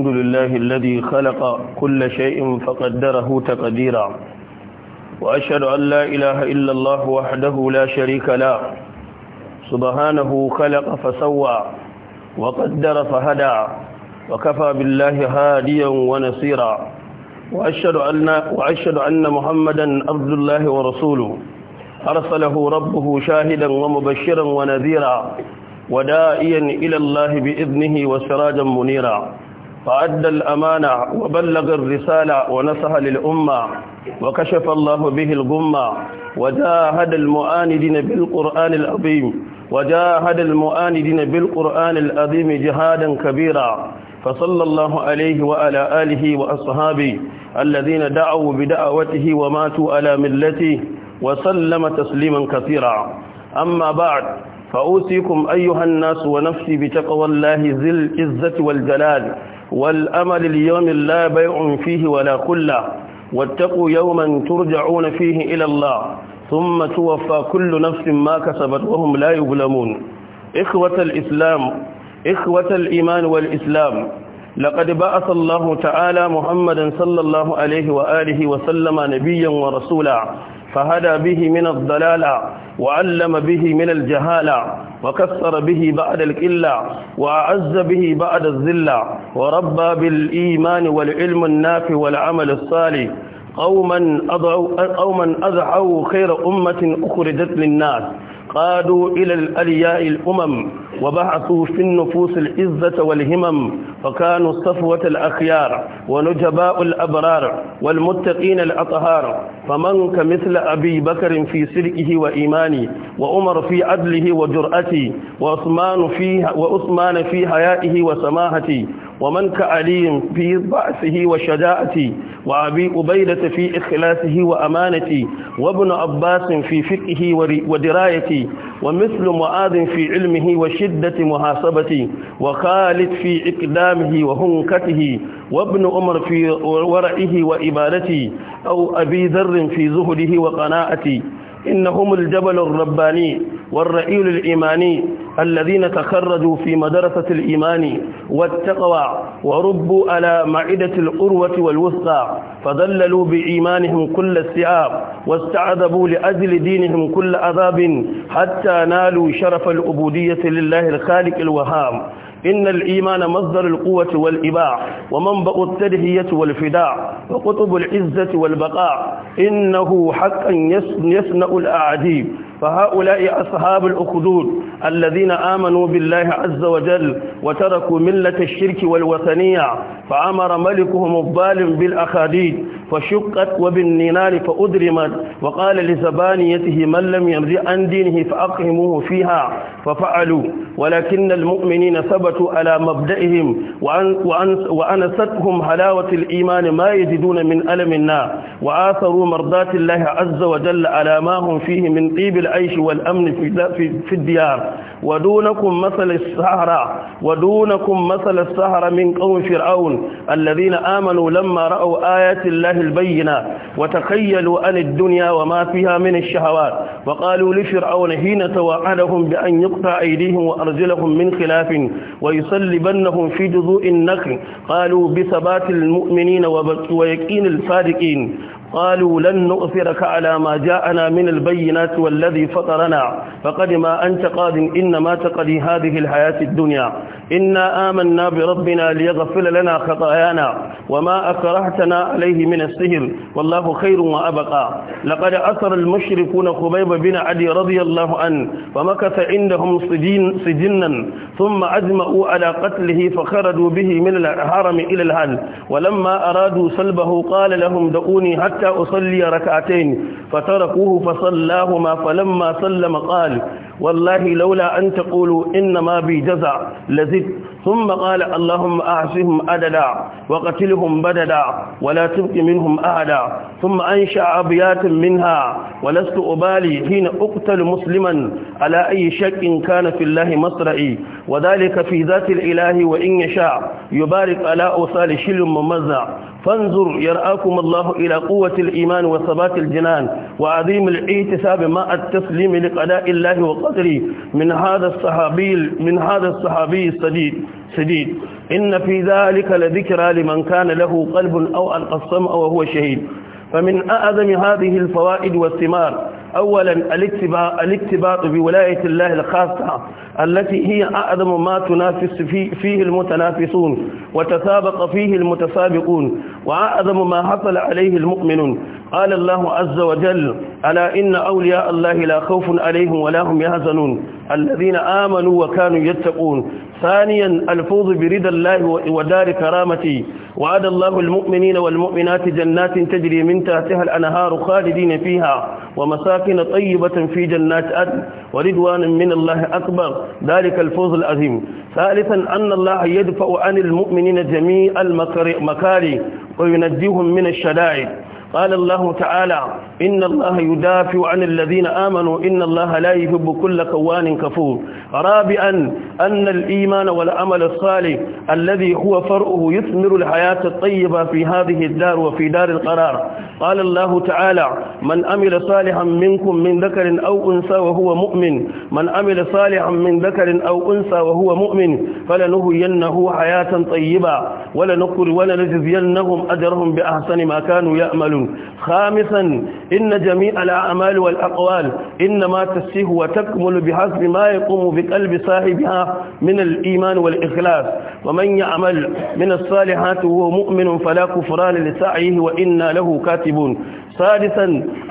الحمد لله الذي خلق كل شيء فقدره تقديرا وأشهد أن لا إله إلا الله وحده لا شريك له سبحانه خلق فسوى وقدر فهدى وكفى بالله هاديا ونصيرا وأشهد أن, وأشهد أن محمدا عبد الله ورسوله أرسله ربه شاهدا ومبشرا ونذيرا ودائيا إلى الله بإذنه وسراجا منيرا فأدى الأمانة وبلغ الرسالة ونصح للأمة وكشف الله به الغمة وجاهد المؤاندين بالقرآن العظيم وجاهد المؤاندين بالقرآن العظيم جهادا كبيرا فصلى الله عليه وعلى آله وأصحابه الذين دعوا بدعوته وماتوا على ملته وسلم تسليما كثيرا أما بعد فأوصيكم أيها الناس ونفسي بتقوى الله ذي العزة والجلال والأمل اليوم لا بيع فيه ولا خلة واتقوا يوما ترجعون فيه إلى الله ثم توفى كل نفس ما كسبت وهم لا يظلمون إخوة الإسلام إخوة الإيمان والإسلام لقد بعث الله تعالى محمدا صلى الله عليه وآله وسلم نبيا ورسولا فهدى به من الضلالة وعلم به من الجهالة وكسر به بعد الكلة وأعز به بعد الذلة وربى بالإيمان والعلم النافع والعمل الصالح قوما أضعوا قوما خير أمة أخرجت للناس قادوا إلى الألياء الأمم وبعثوا في النفوس العزة والهمم فكانوا صفوة الأخيار ونجباء الأبرار والمتقين الأطهار فمن كمثل أبي بكر في سلكه وإيماني وأمر في عدله وجرأتي وأثمان في, في حيائه وسماحتي ومن كعليم في ضعفه وشجاعتي وأبي أبيدة في إخلاصه وأمانتي وابن عباس في فقه ودرايتي ومثل معاذ في علمه وشدة محاسبتي وخالد في إقدامه وهنكته وابن عمر في ورعه وإبادتي أو أبي ذر في زهده وقناعتي إنهم الجبل الرباني والرئيل الإيماني الذين تخرجوا في مدرسة الإيمان والتقوى وربوا على معدة الأروة والوسطى فذللوا بإيمانهم كل استعاب واستعذبوا لأجل دينهم كل عذاب حتى نالوا شرف العبودية لله الخالق الوهام إن الإيمان مصدر القوة والإباع ومنبأ التدهية والفداع وقطب العزة والبقاء إنه حقا يسنأ الأعديب فهؤلاء أصحاب الأخدود الذين آمنوا بالله عز وجل وتركوا ملة الشرك والوثنية فأمر ملكهم الظالم بالأخاديد فشقت وبالنينار فأدرمت وقال لزبانيته من لم يرضي عن دينه فأقهموه فيها ففعلوا ولكن المؤمنين ثبتوا على مبدئهم وأن وأنستهم حلاوة الإيمان ما يجدون من ألم النار وآثروا مرضات الله عز وجل على ما هم فيه من طيب العيش والأمن في الديار ودونكم مثل السهرة ودونكم مثل السهرة من قوم فرعون الذين آمنوا لما رأوا آيات الله البينة وتخيلوا أن الدنيا وما فيها من الشهوات وقالوا لفرعون حين توعدهم بأن يقطع أيديهم وأرجلهم من خلاف ويصلبنهم في جذوء النخل قالوا بثبات المؤمنين ويقين الفارقين قالوا لن نؤثرك على ما جاءنا من البينات والذي فطرنا فقد ما أنت قاد إن إنما تقضي هذه الحياة الدنيا إنا آمنا بربنا ليغفر لنا خطايانا وما أكرهتنا عليه من السهر والله خير وأبقى لقد أثر المشركون خبيب بن عدي رضي الله عنه ومكث عندهم سجين سجنا ثم أجمعوا على قتله فخرجوا به من الحرم إلى الهل ولما أرادوا سلبه قال لهم دعوني حتى أصلي ركعتين فتركوه فصلاهما فلما سلم قال والله لولا أن تقولوا إنما بجزع لذي المسجد ثم قال اللهم أعفهم أددا وقتلهم بددا ولا تبك منهم أعدا ثم أنشأ أبيات منها ولست أبالي حين أقتل مسلما على أي شك كان في الله مصرعي وذلك في ذات الإله وإن يشاء يبارك على أوصال شل ممزع فانظر يرآكم الله إلى قوة الإيمان وثبات الجنان وعظيم الاعتساب مع التسليم لقضاء الله وقدره من هذا الصحابي من هذا الصحابي السديد سديد إن في ذلك لذكرى لمن كان له قلب أو ألقى السمع وهو شهيد فمن أعظم هذه الفوائد والثمار أولا الاكتباط بولاية الله الخاصة التي هي أعظم ما تنافس فيه المتنافسون وتسابق فيه المتسابقون وأعظم ما حصل عليه المؤمنون قال الله عز وجل ألا إن أولياء الله لا خوف عليهم ولا هم يحزنون الذين آمنوا وكانوا يتقون ثانيا الفوز برضا الله ودار كرامتي وعد الله المؤمنين والمؤمنات جنات تجري من تحتها الأنهار خالدين فيها ومساكن مساكن طيبة في جنات أدن ورضوان من الله أكبر ذلك الفوز العظيم ثالثا أن الله يدفع عن المؤمنين جميع المكاري وينجيهم من الشدائد قال الله تعالى إن الله يدافع عن الذين آمنوا إن الله لا يحب كل كوان كفور رابعا أن الإيمان والعمل الصالح الذي هو فرؤه يثمر الحياة الطيبة في هذه الدار وفي دار القرار قال الله تعالى من أمل صالحا منكم من ذكر أو أنثى وهو مؤمن من أمل صالحا من ذكر أو أنثى وهو مؤمن فلنهينه حياة طيبة ولنقر ولنجزينهم أجرهم بأحسن ما كانوا يأملون خامسا إن جميع الأعمال والأقوال إنما تسيه وتكمل بحسب ما يقوم بقلب صاحبها من الإيمان والإخلاص ومن يعمل من الصالحات وهو مؤمن فلا كفران لسعيه وإنا له كاتبون سادسا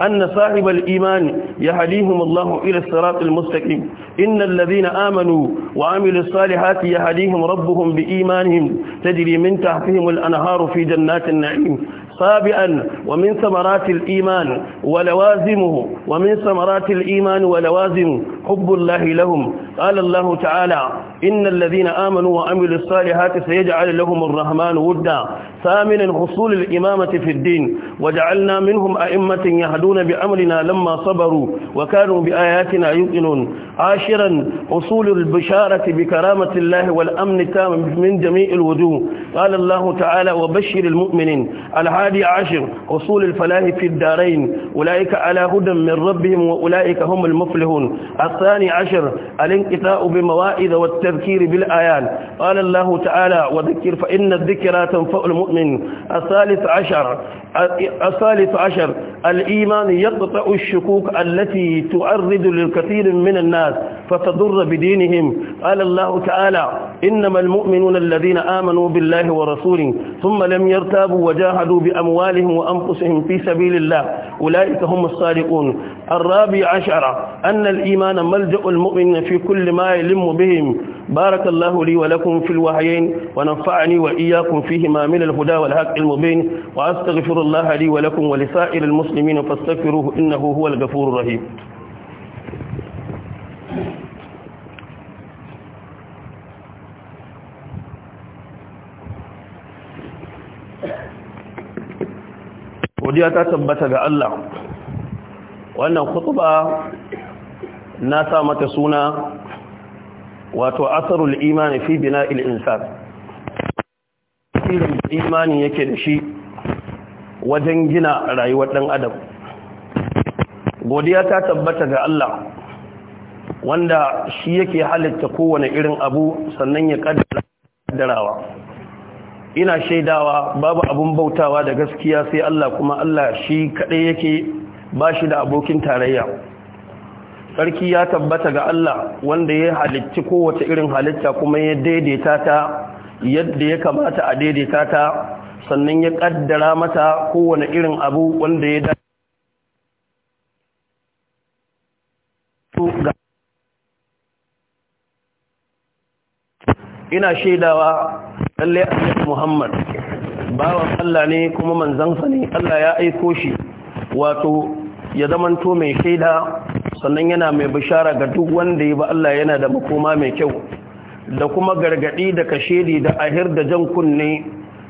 أن صاحب الإيمان يهديهم الله إلى الصراط المستقيم إن الذين آمنوا وعملوا الصالحات يهديهم ربهم بإيمانهم تجري من تحتهم الأنهار في جنات النعيم سابعا ومن ثمرات الإيمان ولوازمه ومن ثمرات الإيمان ولوازمه حب الله لهم قال الله تعالى إن الذين آمنوا وعملوا الصالحات سيجعل لهم الرحمن ودا ثامنا حصول الإمامة في الدين وجعلنا منهم أئمة يهدون بأمرنا لما صبروا وكانوا بآياتنا يؤمنون عاشرا حصول البشارة بكرامة الله والأمن التام من جميع الوجوه قال الله تعالى وبشر المؤمنين الحادي عشر حصول الفلاح في الدارين أولئك على هدى من ربهم وأولئك هم المفلحون الثاني عشر الانقطاع بمواعظ والتذكير بالآيات قال الله تعالى وذكر فإن الذكرى تنفع المؤمن الثالث عشر الثالث عشر الإيمان يقطع الشكوك التي تعرض للكثير من الناس فتضر بدينهم قال الله تعالى إنما المؤمنون الذين آمنوا بالله ورسوله ثم لم يرتابوا وجاهدوا بأموالهم وأنفسهم في سبيل الله أولئك هم الصادقون الرابع عشر أن الإيمان ملجأ المؤمن في كل كل ما يلم بهم بارك الله لي ولكم في الوحيين ونفعني وإياكم فيهما من الهدى والحق المبين وأستغفر الله لي ولكم ولسائر المسلمين فاستغفروه إنه هو الغفور الرحيم ودي أتثبت بألّا ga Allah ناسا متسونا wato asarul imani fi bina'il insan irin imani yake da shi wajen gina rayuwar ɗan adam godiya ta tabbata ga Allah wanda shi yake halitta kowane irin abu sannan ya kaddarawa ina shaidawa babu abun bautawa da gaskiya sai Allah kuma Allah shi kaɗai yake ba shi da abokin tarayya sarki ya tabbata ga Allah wanda ya halitti kowace irin halitta kuma ya daidaita ta yadda ya kamata a daidaita ta sannan ya kaddara mata kowane irin abu wanda ya ina shaidawa lalle annabi Muhammad bawan Allah ne kuma manzansa ne Allah ya aiko shi wato ya zamanto mai shaida sannan yana mai bishara ga duk wanda ya ba Allah yana da makoma mai kyau da kuma gargadi da kashedi da ahir da jan kunne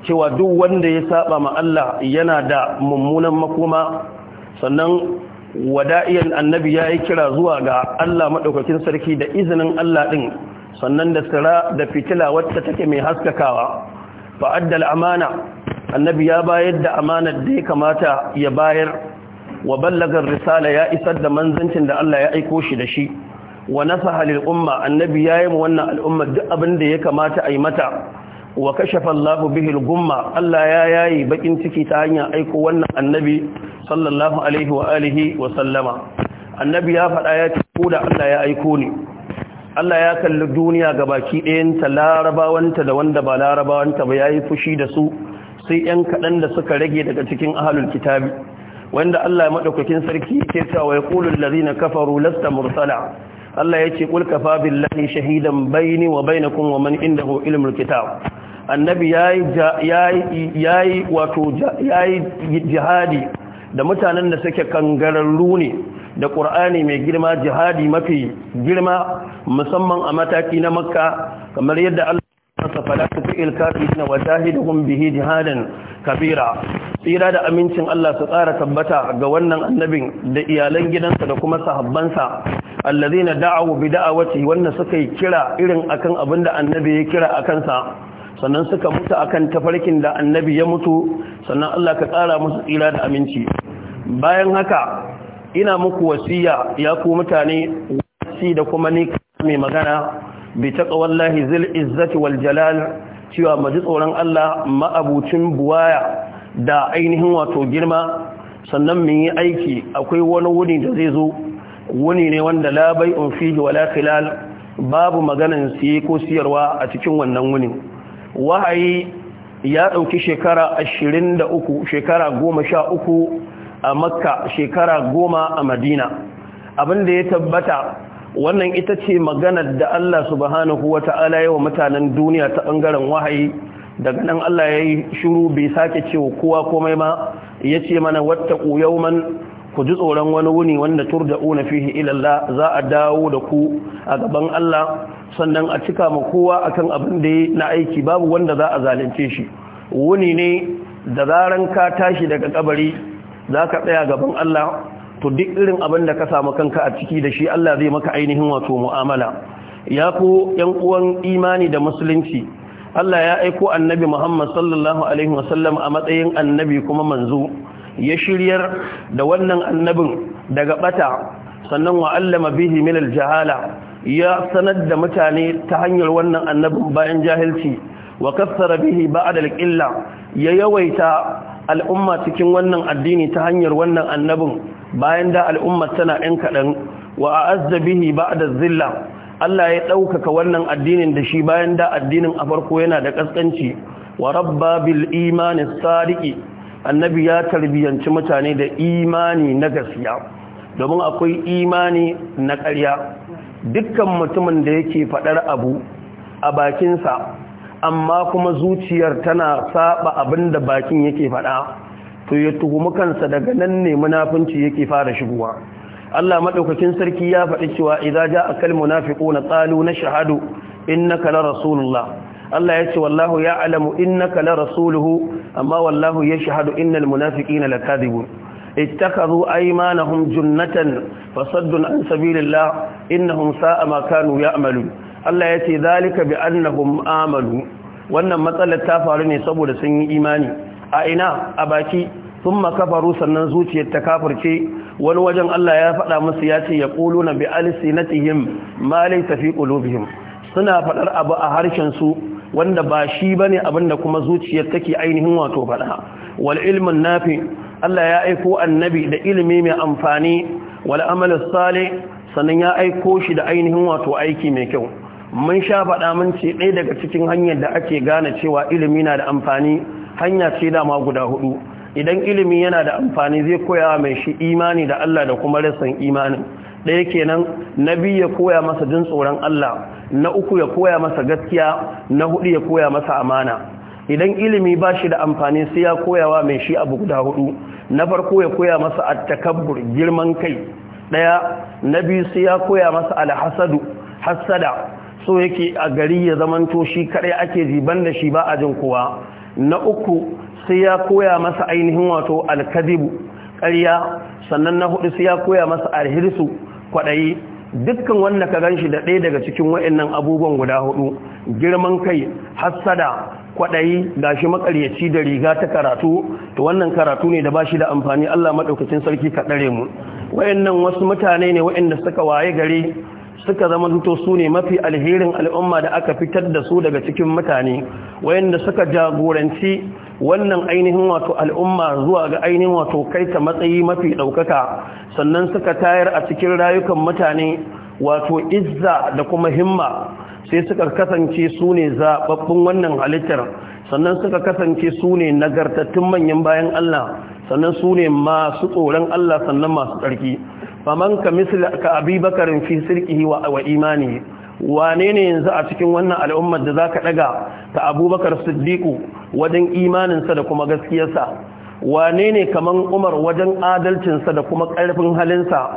cewa duk wanda ya saba ma Allah yana da mummunan makoma sannan wada'iyan annabi ya yi kira zuwa ga Allah maɗaukakin sarki da izinin Allah ɗin sannan da tsira da fitila wacce take mai haskakawa fa'addal amana annabi ya bayar da amanar da ya kamata ya bayar wa ballagar risala ya isar da manzancin da Allah ya aiko shi da shi wa nasaha lil umma annabi yayi mu wannan al'umma duk abin da ya kamata a yi mata wa kashafa Allahu bihi al-gumma Allah ya yayi bakin ciki ta hanyar aiko wannan annabi sallallahu alaihi wa alihi wa sallama annabi ya faɗa ya ce ko da Allah ya aiko ni Allah ya kalli duniya ga baki ɗayanta larabawanta da wanda ba larabawanta ba yayi fushi da su sai 'yan kaɗan da suka rage daga cikin ahlul kitabi wanda Allah madaukakin sarki yake cewa ya qulul ladina kafaru lasta mursala Allah yace qul kafa billahi shahidan bayni wa bainakum wa man indahu ilmul kitab annabi yayi yayi wato yayi jihadi da mutanen da suke kangararru ne da ƙur'ani mai girma jihadi mafi girma musamman a mataki na makka kamar yadda Allah ya fasa falatu fil kafirin wa jahidhum bihi jihadan kabira tsira da amincin Allah su tsara tabbata ga wannan annabin da iyalan gidansa da kuma sahabbansa allazina da'awu bi da'awati wannan suka yi kira irin akan abin da annabi ya kira akan sa sannan suka mutu akan tafarkin da annabi ya mutu sannan Allah ka tsara musu tsira da aminci bayan haka ina muku wasiya ya ku mutane wasi da kuma ni mai magana bi wallahi zil izzati wal jalal cewa maji tsoron Allah ma'abucin buwaya da ainihin wato girma sannan mun yi aiki akwai wani wuni da zai zo wuni ne wanda la bai'un fihi wala khilal babu maganan siye ko siyarwa a cikin wannan wuni wahayi ya dauki shekara 23 shekara 13 a makka shekara 10 a madina Abin da ya tabbata wannan ita ce maganar da Allah subhanahu wata'ala wa mutanen duniya ta bangaren wahayi daga nan Allah ya yi shuru bai sake cewa kowa komai ba ya ce mana wata yawman ku ji tsoron wani wuni wanda tur una fihi ilallah za a dawo da ku a gaban Allah sannan a cika ma kowa akan abin da na aiki babu wanda za a zalunce shi wuni ne da zaran ka tashi daga kabari za ka tsaya gaban Allah to duk irin abin da ka samu kanka a ciki da shi Allah zai maka ainihin wato mu'amala ya ku yan uwan imani da musulunci Allah ya aiko annabi Muhammad sallallahu alaihi wasallam a matsayin annabi kuma manzo ya shiryar da wannan annabin daga bata sannan wa allama bihi min aljahala ya sanar da mutane ta hanyar wannan annabin bayan jahilci wa kassara bihi ba'da alqilla ya yawaita al'umma cikin wannan addini ta hanyar wannan annabin bayan da al'umma tana ɗan kaɗan wa a'azza bihi ba'da zilla Allah ya ɗaukaka wannan addinin da shi bayan da addinin a farko yana da ƙasƙanci wa rabba bil imani sadiki annabi ya tarbiyanci mutane da imani na gaskiya domin akwai imani na ƙarya dukkan mutumin da yake faɗar abu a bakinsa amma kuma zuciyar tana saba abin da bakin yake faɗa to ya tuhumi kansa daga nan ne munafunci yake fara shigowa Allah madaukakin sarki ya faɗi cewa idza jaa kal munafiquna qalu nashhadu innaka la rasulullah Allah ya ce wallahu alamu innaka la rasuluhu amma wallahu yashhadu innal munafiqina lakadibun اتخذوا ايمانهم جنة فصد عن سبيل sa'a انهم ساء ما Allah ya ce يتي bi بانهم amalu. wannan matsalar ta faru ne saboda sun yi imani a ina a baki sun makafaru sannan zuciyar ta kafirce wani wajen Allah ya faɗa musu ya ce ya ƙulu na bi'alisi na tihim malai tafi ƙulubihim suna faɗar abu a harshensu wanda ba shi ba ne abinda kuma zuciyar take ainihin wato faɗa wal ilmin nafi Allah ya aiko annabi da ilimi mai amfani wal amal sale sannan ya aiko shi da ainihin wato aiki mai kyau mun sha faɗa mun ce ɗaya daga cikin hanyar da ake gane cewa ilimi na da amfani hanya ce dama guda hudu idan ilimi yana da amfani zai koya mai shi imani da Allah da kuma rasan imanin ɗaya kenan na biyu ya koya masa jin tsoron Allah na uku ya koya masa gaskiya na hudu ya koya masa amana idan ilimi ba shi da amfani sai ya koyawa mai shi abu guda hudu na farko ya koya masa attakabbur girman kai ɗaya na biyu sai ya koya masa alhasadu hassada so yake a gari ya zamanto shi kare ake ziban da shi ba a jin kowa na uku sai ya koya masa ainihin wato alkadibu ƙarya sannan na hudu sai ya koya masa alhirsu kwaɗayi dukkan wanda ka ganshi da ɗaya daga cikin wa'annan abubuwan guda hudu girman kai hassada kwaɗayi ga shi makaryaci da riga ta karatu to wannan karatu ne da bashi da amfani Allah maɗaukacin sarki ka dare mu wa'annan wasu mutane ne wa'anda suka waye gare suka zama zuto su ne mafi alherin al'umma da aka fitar da su daga cikin mutane wayanda suka jagoranci wannan ainihin wato al'umma zuwa ga ainihin wato kai ta matsayi mafi ɗaukaka sannan suka tayar a cikin rayukan mutane wato izza da kuma himma sai suka kasance su ne zaɓaɓɓun wannan halittar sannan suka kasance su ne nagartattun manyan bayan Allah sannan su ne masu tsoron Allah sannan masu tsarki faman ka misli ka abi bakarin fi sirkihi wa imani wane ne yanzu a cikin wannan al'ummar da za ka ɗaga ta abubakar siddiƙu wajen imaninsa da kuma gaskiyarsa wane ne kaman umar wajen adalcinsa da kuma ƙarfin halinsa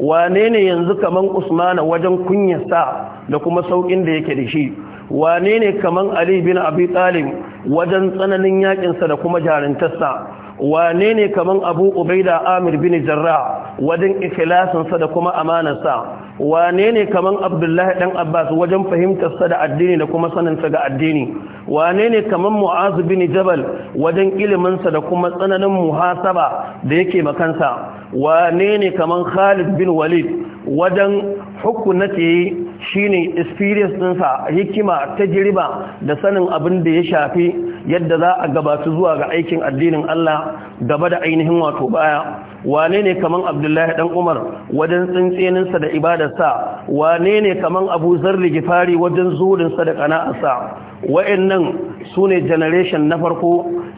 wane ne yanzu kaman usmana wajen kunyarsa da kuma sauƙin da yake da shi wane ne kaman ali bin abi talib wajen tsananin yaƙinsa da kuma jarintarsa wane ne kaman abu ubaida amir bin jarra wajen ikilasinsa da kuma amanarsa wane ne kaman abdullahi dan abbas wajen fahimtar sa da addini da kuma saninsa ga addini wane ne kaman mu'azu bin jabal wajen iliminsa da kuma tsananin muhasaba da yake makansa wane ne kaman khalid bin walid wajen hukunati shine experience dinsa hikima tajriba da sanin abin da ya shafi yadda za a gabatu zuwa ga aikin addinin Allah gaba da ainihin wato baya wane ne kaman abdullahi dan umar wajen tsintseninsa da ibadarsa wane ne kaman abu zarri gifari wajen zurinsa da kana'arsa wa'annan su ne generation na farko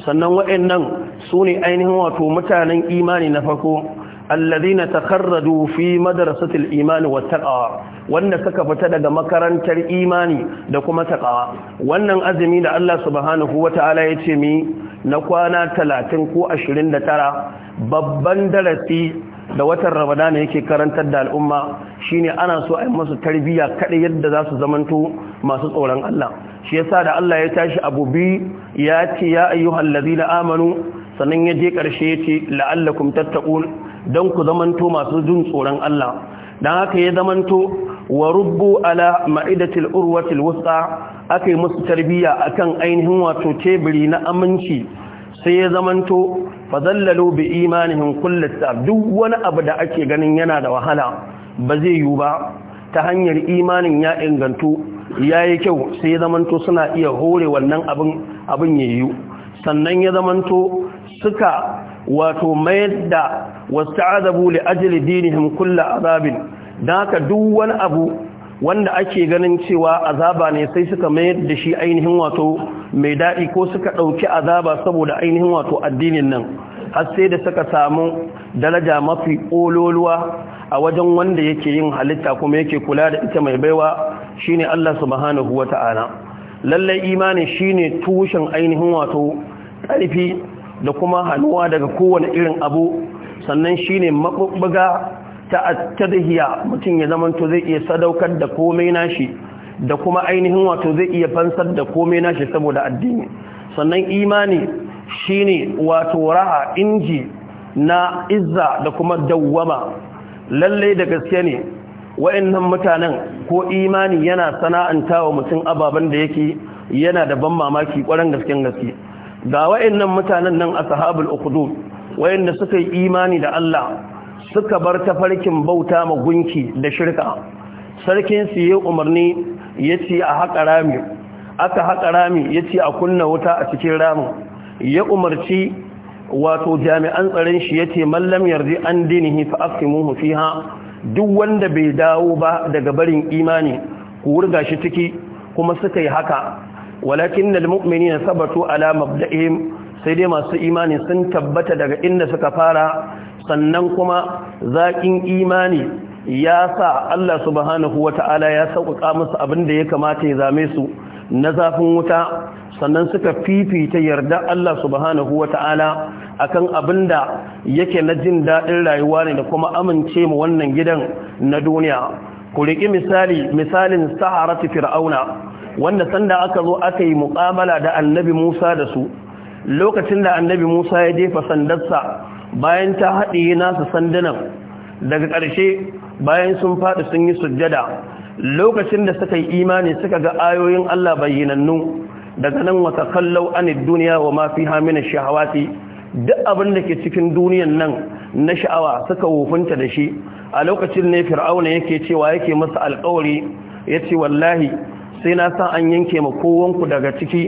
sannan wa'annan su ne ainihin wato mutanen imani na farko alladhina takharraju fi madrasatil iman wa taqwa wanda suka fita daga makarantar imani da kuma taqwa wannan azumi da Allah subhanahu wataala yace mi na kwana 30 ko 29 babban darasi da watan ramadana yake karantar da al'umma shine ana so a yi masu tarbiyya kaɗai yadda za su zamanto masu tsoron Allah shi yasa da Allah ya tashi abu ya ce ya ayyuhal ladina amanu sannan ya je ƙarshe ya ce la'allakum tattaun don ku zamanto masu jin tsoron Allah dan haka ya zamanto wa rubu ala ma'idatil urwatil wusta akai musu tarbiya kan ainihin wato tebiri na aminci sai ya zamanto zallalo bi imanihim kullu duk wani abu da ake ganin yana da wahala ba zai yiwu ba ta hanyar imanin ya ingantu yayi kyau sai ya zamanto suna iya hore wannan abin abin sannan ya zamanto suka wato mayar da wasu wasta'adabu li ajli dinihim kullu azabin haka duk wani abu wanda ake ganin cewa azaba ne sai suka mayar da shi ainihin wato mai daɗi ko suka ɗauki azaba saboda ainihin wato addinin nan har sai da suka samu daraja mafi ƙololuwa a wajen wanda yake yin halitta kuma yake kula da ita mai baiwa shine Allah subhanahu ta'ala lallai imanin shi ne tushen ainihin wato ƙarfi da kuma hannuwa daga kowane irin abu sannan shi ne mabubbuga ta attadhiya mutum ya zama to zai iya sadaukar da komai nashi da kuma ainihin wato zai iya fansar da komai nashi saboda addini sannan imani shi ne wato raha inji na izza da kuma dawwama lallai da gaske ne wa'annan mutanen ko imani yana sana'anta wa mutum ababen da yake yana da ban mamaki kwarin gasken gaske ga wayannan mutanen nan ashabul ukhdud wayanda suka yi imani da Allah suka bar tafarkin bauta ma gunki da shirka sarkin su yi umarni yace a haƙa rami aka haƙa rami yace a kunna wuta a cikin ramin ya umarci wato jami'an tsaron shi yace mallam yardi an dinihi fa aqimuhu fiha duk wanda bai dawo ba daga barin imani ku wurga shi ciki kuma suka yi haka walakin da mu'mini na sabatu ala sai dai masu imani sun tabbata daga inda suka fara sannan kuma zaƙin imani ya sa Allah subhanahu wataala ya sauƙa musu abin da ya kamata ya zame su na zafin wuta sannan suka fifita yarda Allah subhanahu wataala akan abin da yake na jin daɗin rayuwa ne da kuma amince mu wannan gidan na duniya ku riƙi misali misalin saharatu fir'auna wanda sanda aka zo aka yi muƙamala da annabi musa da su lokacin da annabi musa ya jefa sandarsa bayan ta haɗiye nasa sandunan daga ƙarshe bayan sun faɗi sun yi sujjada lokacin da suka yi imani suka ga ayoyin allah bayyanannu daga nan wata kallau anid duniya wa mafi hamina shahawati duk abin da ke cikin duniyan nan na sha'awa suka wofinta da shi a lokacin ne fir'auna yake cewa yake masa alƙawari ya ce wallahi sai na sa an yanke ma kowanku daga ciki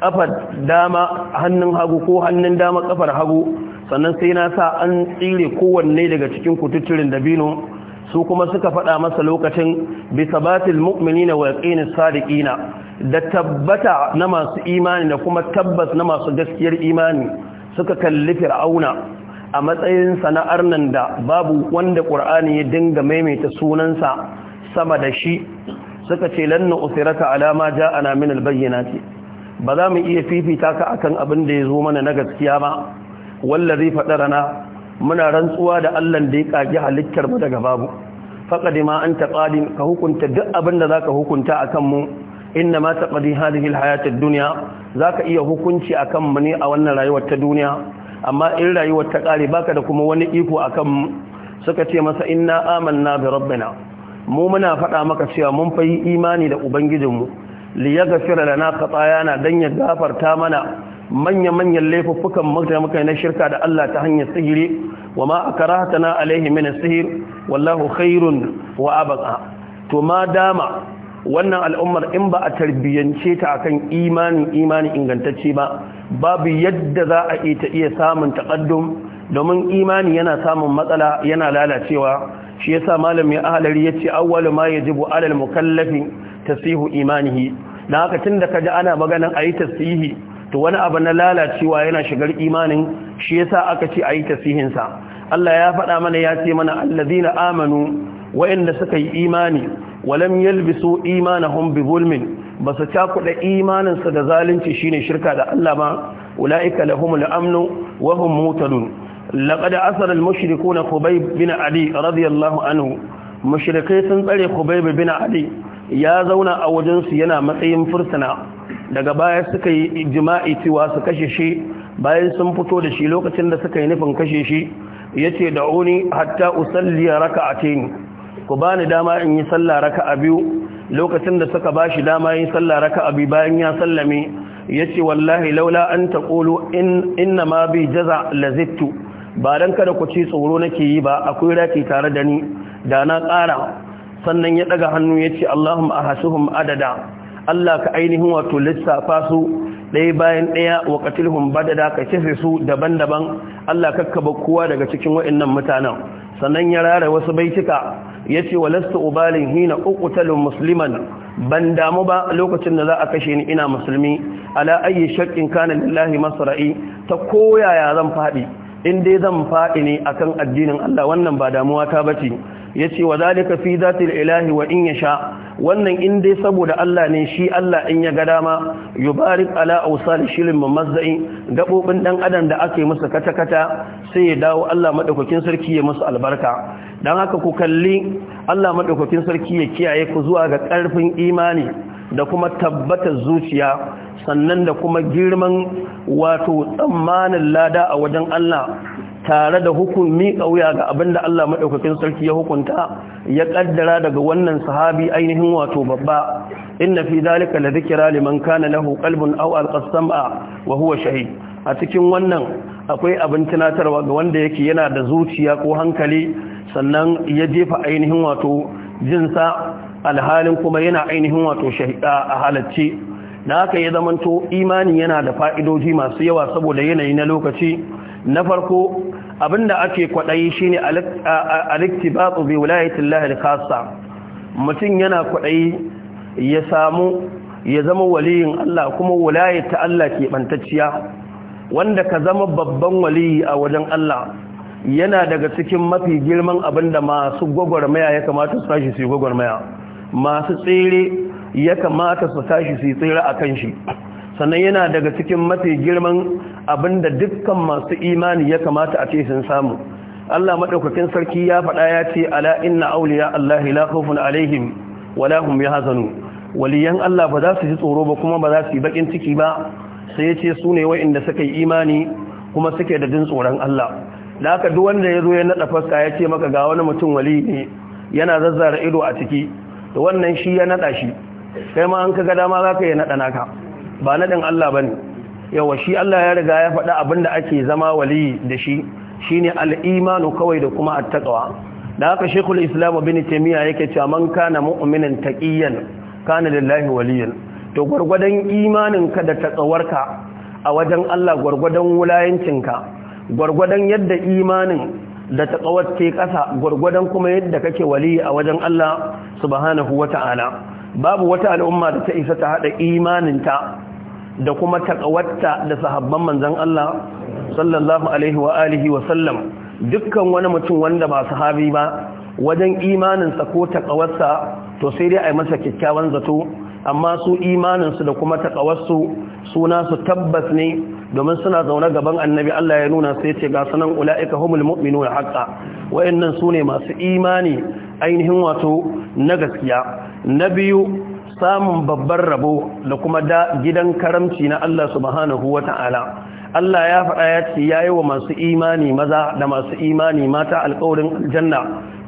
kafar dama hannun hagu ko hannun dama kafar hagu sannan sai na sa an tsire kowanne daga cikin kututturin dabino su kuma suka faɗa masa lokacin bisa batil mu'minina wa yaqinis sadiqina da tabbata na masu imani da kuma tabbas na masu gaskiyar imani suka kalli fir'auna a matsayin sana'ar nan da babu wanda qur'ani ya dinga maimaita sunansa sama da shi suka ce lanna usirata alama ja'ana min albayyinati ba za mu iya fifita ka akan abin da ya zo mana na gaskiya ba wallazi fadarana muna rantsuwa da Allah da ya kage halittar mu daga babu faqad ma anta qadim ka hukunta duk abin da zaka hukunta akan mu inna ma taqdi hadhihi alhayat ad-dunya zaka iya hukunci akan mu ne a wannan rayuwar ta duniya amma in rayuwar ta kare baka da kuma wani iko akan mu suka ce masa inna amanna bi rabbina mu muna faɗa maka cewa mun fayi imani da ubangijinmu fira da na lana khatayana don ya gafarta mana manya manyan laifuffukan muka yi na shirka da Allah ta hanyar sihiri wa ma na alaihi mini sihir wallahu khairun wa abaka to ma dama wannan al'ummar in ba a tarbiyyance ta akan imanin imanin ingantacce ba babu yadda za a ita iya samun taƙaddum domin imani yana samun matsala yana lalacewa shi yasa malami ahlari yace awwalu ma yajibu alal mukallafin tasihu imanihi dan haka tunda kaji ana maganan ayi tasihi to wani abu na lalacewa yana shigar imanin shi yasa aka ce ayi tasihin sa Allah ya faɗa mana ya ce mana allazina amanu wa'anda suka yi imani walam yalbisu imanahum bi zulmin basu cakuɗa imaninsa da zalunci shine shirka da Allah ba ulaika lahumul amnu wa hum mutadun لقد أثر المشركون خبيب بن علي رضي الله عنه مشركي سنطري خبيب بن علي ya zauna a wajensu yana matsayin fursuna daga baya suka yi jima'i cewa su kashe shi bayan sun fito da shi lokacin da suka yi nufin kashe shi ya ce da uni hatta usalliya raka a teni ku ba ni dama in yi sallah raka a biyu lokacin da suka ba shi dama yin sallah raka a biyu bayan ya sallame ya ce wallahi laula an ta ƙolo na ma bi jaza lazittu ba don kada ku ce tsoro nake yi ba akwai raki tare da ni da na ƙara sannan ya ɗaga hannu ya ce Allahumma a hasuhun adada Allah ka ainihin wato lissafa su ɗaya bayan ɗaya wa katilhun badada ka kese su daban-daban Allah kakkaba kowa daga cikin waɗannan mutanen sannan ya rara wasu baitika ya ce walasta ubalin hina ukutalin musulman ban damu ba lokacin da za a kashe ni ina musulmi ala ayyi shakkin kana lillahi masra'i ta koyaya zan faɗi in dai zan faɗi ne akan addinin Allah wannan ba damuwa ta bace yace wa zalika fi zatil ilahi wa in sha. wannan in dai saboda Allah ne shi Allah in ya ga dama yubarik ala awsal shilin mamazzai gabobin dan adam da ake masa kata kata sai ya dawo Allah madaukakin sarki ya masa albarka dan haka ku kalli Allah madaukakin sarki ya kiyaye ku zuwa ga ƙarfin imani da kuma tabbatar zuciya sannan da kuma girman wato tsammanin lada a wajen Allah tare da hukumi ƙauya ga abinda Allah maɗaukakin sarki ya hukunta ya ƙaddara daga wannan sahabi ainihin wato babba inna fi dalika la dhikra liman kana lahu qalbun aw alqasama wa huwa shahid a cikin wannan akwai abin tunatarwa ga wanda yake yana da zuciya ko hankali sannan ya jefa ainihin wato jinsa alhalin kuma yana ainihin wato shahida a halacce na haka ya zamanto imani yana da fa'idoji masu yawa saboda yanayi na lokaci na farko abinda ake kwaɗayi shine su bi wilayatin lahil kasa mutum yana kwaɗayi ya samu ya zama waliyin Allah kuma wilayat ta Allah ke ɓantacciya wanda ka zama babban waliyi a wajen Allah yana daga cikin mafi girman abinda masu gwagwarmaya ya kamata su tashi su yi gwagwarmaya masu tsere ya kamata su tashi su tsere a kan shi sannan yana daga cikin mafi girman abin da dukkan masu imani ya kamata a ce sun samu Allah maɗaukakin sarki ya faɗa ya ce ala inna auliya Allah la khawfun alaihim wala hum yahzanun waliyan Allah ba za su ji tsoro ba kuma ba za su yi bakin ciki ba sai ya ce su ne inda suka yi imani kuma suke da jin tsoron Allah da haka duk wanda ya zo ya naɗa fuska ya ce maka ga wani mutum wali ne yana zazzara ido a ciki da wannan shi ya naɗa shi kai ma an kaga dama zaka ya nada naka ba naɗin Allah bane yawa shi Allah ya riga ya faɗa abinda ake zama wali da shi shine al-imanu kawai da kuma at-taqwa da haka Sheikhul Islam Ibn Taymiyyah yake cewa man kana mu'minan taqiyan kana lillahi waliyan to gurgurdan imaninka da taqawarka a wajen Allah gurgurdan wulayancinka gurgurdan yadda imanin da ta taqawatte kasa gwargwadon kuma yadda kake wali a wajen Allah subhanahu wata'ala babu wata al'umma da ta isa ta haɗa imaninta da kuma ta ƙawarta da sahabban manzon Allah sallallahu alaihi wa alihi wa sallam dukkan wani mutum wanda ba sahabi ba wajen imaninsa ko ta ƙawarsa to sai dai a yi masa kyakkyawan zato amma su imaninsu da kuma taƙawarsu suna su tabbas ne domin suna zaune gaban annabi Allah ya nuna sai ce ga sanan ula'ika humul mu'minu ya haƙa wa'annan su ne masu imani ainihin wato na gaskiya na biyu samun babban rabo da kuma da gidan karamci na Allah subhanahu wa ta'ala Allah ya faɗa ya ce ya yi wa masu imani maza da masu imani mata alƙawarin aljanna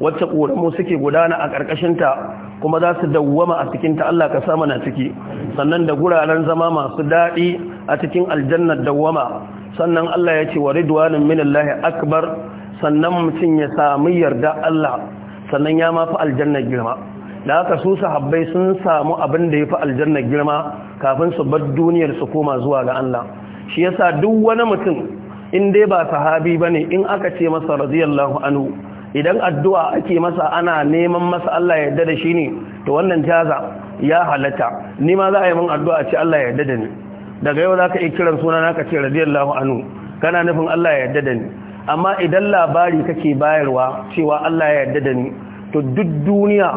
wacce ƙoramu suke gudana a ƙarƙashinta kuma za su dawwama a cikinta Allah ka sama na ciki sannan da guraren zama masu daɗi a cikin aljannar dawwama sannan Allah ya ce wa ridwanin minallahi akbar sannan mutum ya sami yarda Allah sannan ya mafi aljannar girma da haka su sahabbai sun samu abin da ya fi aljannar girma kafin su bar duniyar su koma zuwa ga Allah shi yasa duk wani mutum in dai ba sahabi ba ne in aka ce masa radiyallahu anhu idan addu'a ake masa ana neman masa Allah ya yarda da shi ne to wannan jaza ya halatta ni ma za a yi min addu'a ce Allah ya yarda da ni daga yau zaka iya kiran suna ka ce radiyallahu anhu kana nufin Allah ya yarda da ni amma idan labari kake bayarwa cewa Allah ya yarda da ni to duk duniya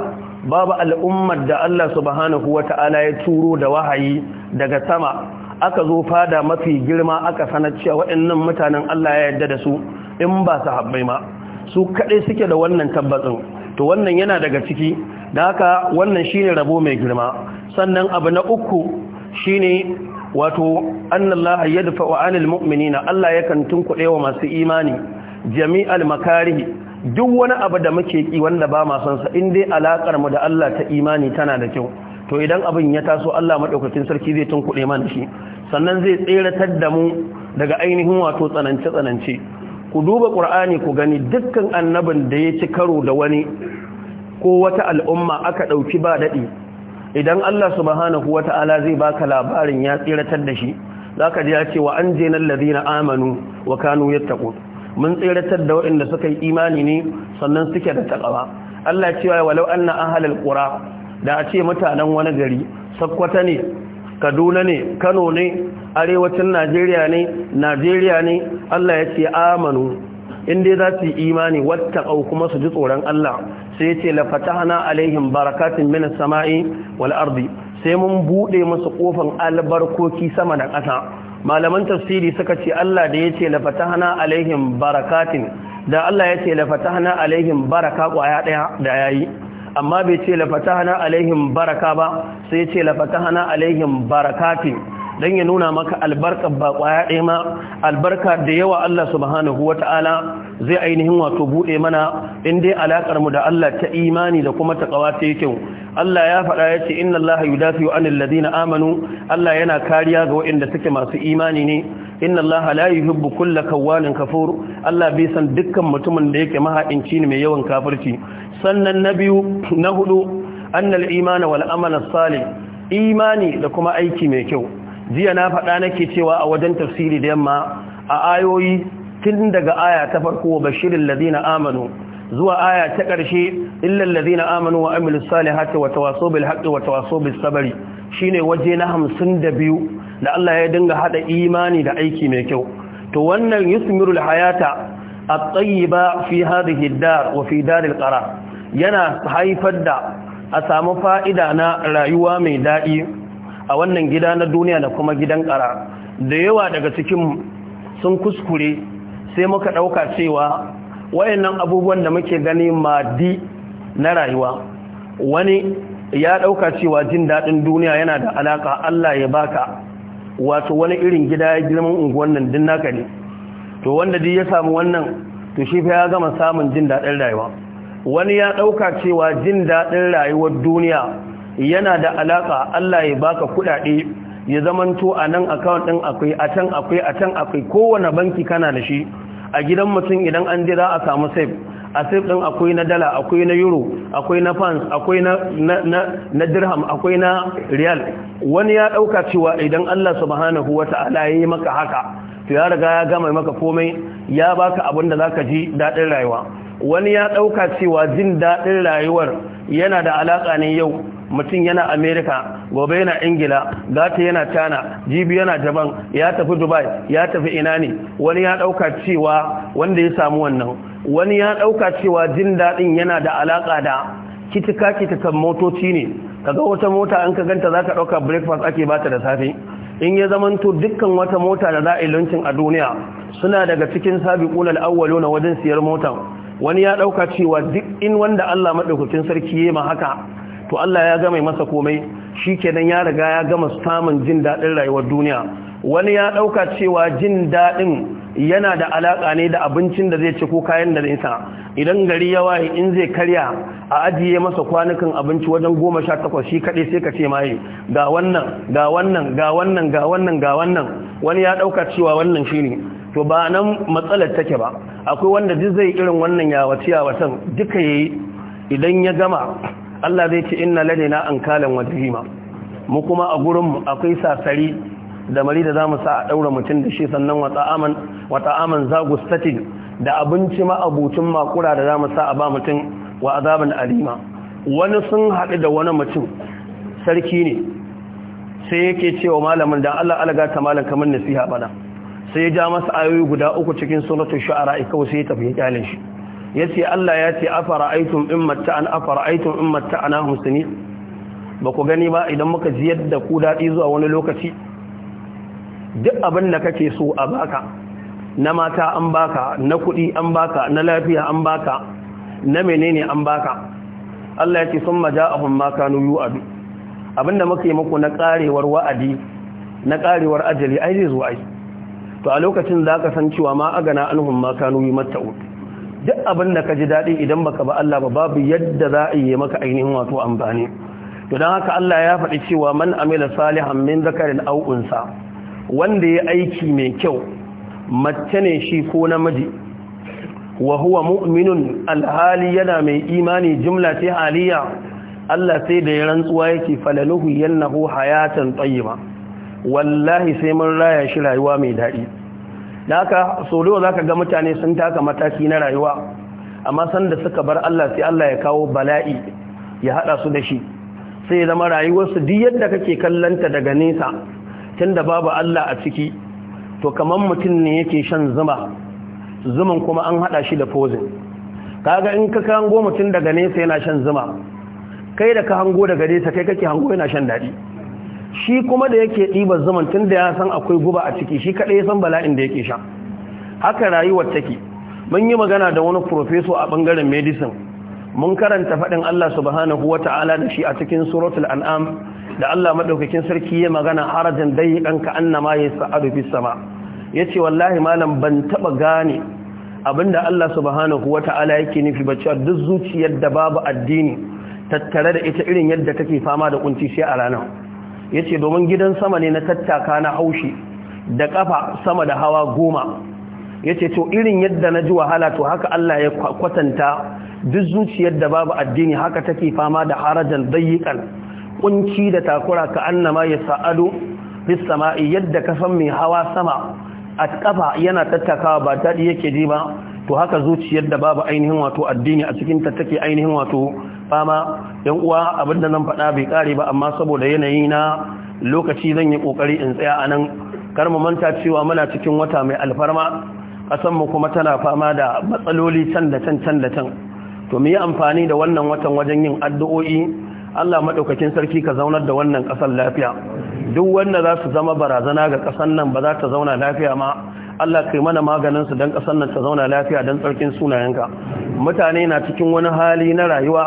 babu al'ummar da Allah subhanahu wata'ala ya turo da wahayi daga sama aka zo fada mafi girma aka sanar cewa waɗannan mutanen Allah ya yarda da su in ba su habbai ma su kaɗai suke da wannan tabbatsin to wannan yana daga ciki da haka wannan shine rabo mai girma sannan abu na uku shine wato annallahu yadfa wa anil mu'minina Allah yakan kuɗe wa masu imani jami'al makarihi duk wani abu da muke ki wanda ba ma son sa in dai alakar mu da Allah ta imani tana da kyau to idan abin ya taso Allah maɗaukacin sarki zai kuɗe mana shi sannan zai tseratar da mu daga ainihin wato tsanance tsanance ku duba Ƙur'ani ku gani dukkan annabin da ya ci karo da wani ko wata al'umma aka ɗauki ba daɗi. idan Allah subhanahu wata'ala zai baka labarin ya tseratar da shi zaka ji ya ce wa anjinal ladina amanu wa kanu yattaqun mun tseratar da waɗanda suka yi imani ne sannan suke da takawa Allah cewa walau anna ahlal qura da a ce mutanen wani gari sakkwata ne kaduna ne kano ne arewacin najeriya ne najeriya ne allah ya ce amanu inda za su yi imani wata kuma su ji tsoron allah sai ya ce lafatahana alaihim barakatun minas sama'i wal ardi sai mun buɗe musu ƙofan albarkoki sama da ƙasa malaman tafsiri suka ce Allah da ya ce lafatahana alaihim barakatin da Allah ya ce lafatahana alaihim baraka ƙwaya ɗaya da yayi amma bai ce lafata hana alaihim baraka ba sai ce hana alaihim barakatin dan ya nuna maka albarka ba kwaya ɗaya ma albarka da yawa Allah subhanahu wata'ala zai ainihin wato bude mana in dai alakar mu da Allah ta imani da kuma ta ta yake Allah ya faɗa ya ce inna Allah yudafi'u anil ladina amanu Allah yana kariya ga waɗanda suke masu imani ne inna Allah la yuhibbu kulla kawanin kafur Allah bai san dukkan mutumin da yake maha'inci ne mai yawan kafirci sannan na biyu na hudu annal imana wal amala salih imani da kuma aiki mai kyau jiya na faɗa nake cewa a wajen tafsiri da yamma a ayoyi tun daga aya ta farko wa bashirin ladina amanu zuwa aya ta ƙarshe illal ladina amanu wa amilus salihati wa tawasaw bil haqqi wa tawasaw bis sabri shine waje na hamsin da biyu da Allah ya dinga hada imani da aiki mai kyau to wannan yusmirul hayata at-tayyiba fi hadhihi ad wa fi daril qarar yana haifar da a samu fa'ida na rayuwa mai daɗi a wannan gida na duniya da kuma gidan ƙara da yawa daga cikin sun kuskure sai muka ɗauka cewa wayannan abubuwan da muke gani madi na rayuwa wani ya ɗauka cewa jin daɗin duniya yana da alaƙa Allah ya baka wato wani irin gida ya girman unguwan nan din naka ne to wanda dai ya samu wannan to shi fa ya gama samun jin daɗin rayuwa wani ya ɗauka cewa jin daɗin rayuwar duniya yana da alaƙa Allah ya baka kuɗaɗe ya zamanto a nan akawun ɗin akwai a can akwai a can akwai kowane banki kana da shi a gidan mutum idan an jira a samu safe a safe ɗin akwai na dala akwai na euro akwai na fans akwai na dirham akwai na real wani ya ɗauka cewa idan Allah subhanahu ala ya yi maka haka to ya riga ya gama maka komai ya baka abin da zaka ji dadin rayuwa wani ya dauka cewa jin dadin rayuwar yana da alaka ne yau mutum yana Amerika, gobe yana ingila gata yana china jibi yana japan ya tafi dubai ya tafi ina ne wani ya dauka cewa wanda ya samu wannan wani ya dauka cewa jin dadin yana da alaka da kitika kitikan motoci ne kaga wata mota an ka ganta zaka dauka breakfast ake bata da safe in ya zamanto dukkan wata mota da za a lancin a duniya suna daga cikin sabiqul al-awwalun wajen siyar motan wani ya dauka cewa duk in wanda Allah madaukakin sarki ma haka to Allah ya ga mai masa komai shikenan ya riga ya gama samun jin dadin rayuwar duniya wani ya ɗauka cewa jin daɗin yana da alaƙa ne da abincin da zai ci ko kayan da zai idan gari ya waye in zai karya a ajiye masa kwanukan abinci wajen goma sha takwas shi kaɗai sai ka ce maye ga wannan ga wannan ga wannan ga wannan ga wannan wani ya ɗauka cewa wannan shi ne to ba nan matsalar take ba akwai wanda duk zai irin wannan ya yawatan duka yayi idan ya gama Allah zai ce inna ladaina ankalan wa jahima mu kuma a gurin mu akwai sasari da mari da zamu sa a ɗaura mutum da shi sannan wata aman zagustatin da abinci ma abucin makura da zamu sa a ba mutum wa azabin alima wani sun haɗu da wani mutum sarki ne sai yake cewa malamin da Allah alaga ta malam kamar nasiha bana sai ya ja masa ayoyi guda uku cikin suratul shu'ara kawai sai ya ya kyale yace Allah ya ce afara'aytum in matta'an afara'aytum in ba ku gani ba idan muka ziyar da ku daɗi zuwa wani lokaci duk abin da kake so a baka na mata an baka na kuɗi an baka na lafiya an baka na menene an baka Allah ya ce sun maja a hunma kanu yu abinda muke muku na karewar wa'adi na karewar ajali ai zai zo ai to a lokacin za ka san cewa ma agana an hunma kanu yi matta'u duk da ka ji daɗi idan baka ba Allah ba babu yadda za a yi maka ainihin wato amfani to don haka Allah ya faɗi cewa man amila salihan min zakarin au unsa wanda ya aiki mai kyau mace ne shi ko namiji wa huwa mu'minun alhali yana mai imani jimla ce haliya Allah sai da ya rantsuwa yake falaluhu yannahu hayatan tayyiba wallahi sai mun raya shi rayuwa mai daɗi da haka so da zaka ga mutane sun taka mataki na rayuwa amma sanda suka bar Allah sai Allah ya kawo bala'i ya hada su da shi sai zama rayuwarsu duk yadda kake kallanta daga nesa tunda babu Allah a ciki to kamar mutum ne yake shan zuma zuman kuma an hada shi da poison kaga in ka kango mutum daga nesa yana shan zuma kai da ka hango daga nesa kai kake hango yana shan dadi shi kuma da yake ɗiba zuman tunda ya san akwai guba a ciki shi kaɗai ya san bala'in da yake sha haka rayuwar take mun yi magana da wani professor a bangaren medicine mun karanta faɗin Allah subhanahu wata'ala da shi a cikin suratul an'am da Allah madaukakin sarki ya magana harajin dai dan ka annama ya sa'adu fi sama yace wallahi malam ban taba gane abinda Allah subhanahu wataala yake nufi ba cewa duk zuciyar da babu addini tattare da ita irin yadda take fama da kunci sai a ranar yace domin gidan sama ne na tattaka na haushi da kafa sama da hawa goma yace ce to irin yadda na ji wahala to haka Allah ya kwatanta duk zuciyar da babu addini haka take fama da harajan dayyikan kunci da takura ka annama ya sa'adu bis sama'i yadda ka san mai hawa sama a kafa yana tattakawa ba daɗi yake ji ba to haka zuciyar da babu ainihin wato addini a cikin ta take ainihin wato fama yan uwa da nan faɗa bai kare ba amma saboda yanayi na lokaci zan yi ƙoƙari in tsaya anan kar mu manta cewa muna cikin wata mai alfarma ƙasan mu kuma tana fama da matsaloli can da can can da can to mu yi amfani da wannan watan wajen yin addu'o'i Allah madaukakin sarki ka zaunar da wannan kasar lafiya duk wanda za su zama barazana ga kasar nan ba za ta zauna lafiya ma Allah kai mana maganin su dan kasar nan ta zauna lafiya dan tsarkin sunayenka mutane na cikin wani hali na rayuwa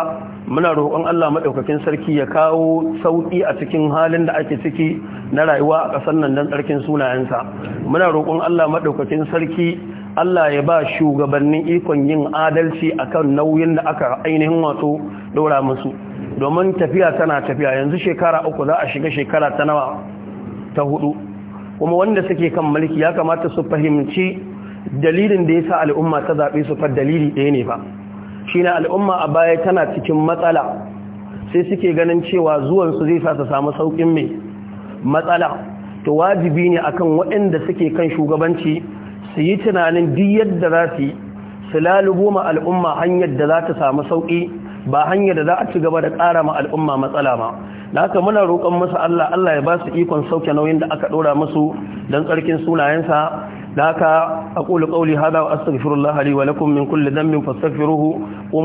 muna roƙon Allah madaukakin sarki ya kawo sauki a cikin halin da ake ciki na rayuwa a kasar nan dan tsarkin sunayensa muna roƙon Allah madaukakin sarki Allah ya ba shugabannin ikon yin adalci akan nauyin da aka ainihin wato dora musu domin tafiya tana tafiya yanzu shekara uku za a shiga shekara ta nawa ta hudu kuma wanda suke kan mulki ya kamata su fahimci dalilin da ya sa al'umma ta zaɓe su fa dalili ɗaya ne ba shi na al'umma a baya tana cikin matsala sai suke ganin cewa zuwansu zai sa su samu saukin mai matsala to wajibi ne akan waɗanda suke kan shugabanci su yi tunanin duk yadda za su yi su lalubo ma al'umma hanyar da za ta samu sauƙi ba hanyar da za a ci gaba da ƙara ma al'umma matsala ma da haka muna roƙon musu Allah Allah ya ba su ikon sauke nauyin da aka ɗora musu don tsarkin sunayensa da haka aqulu qawli hadha wa astaghfirullah li wa lakum min kulli dhanbin fastaghfiruhu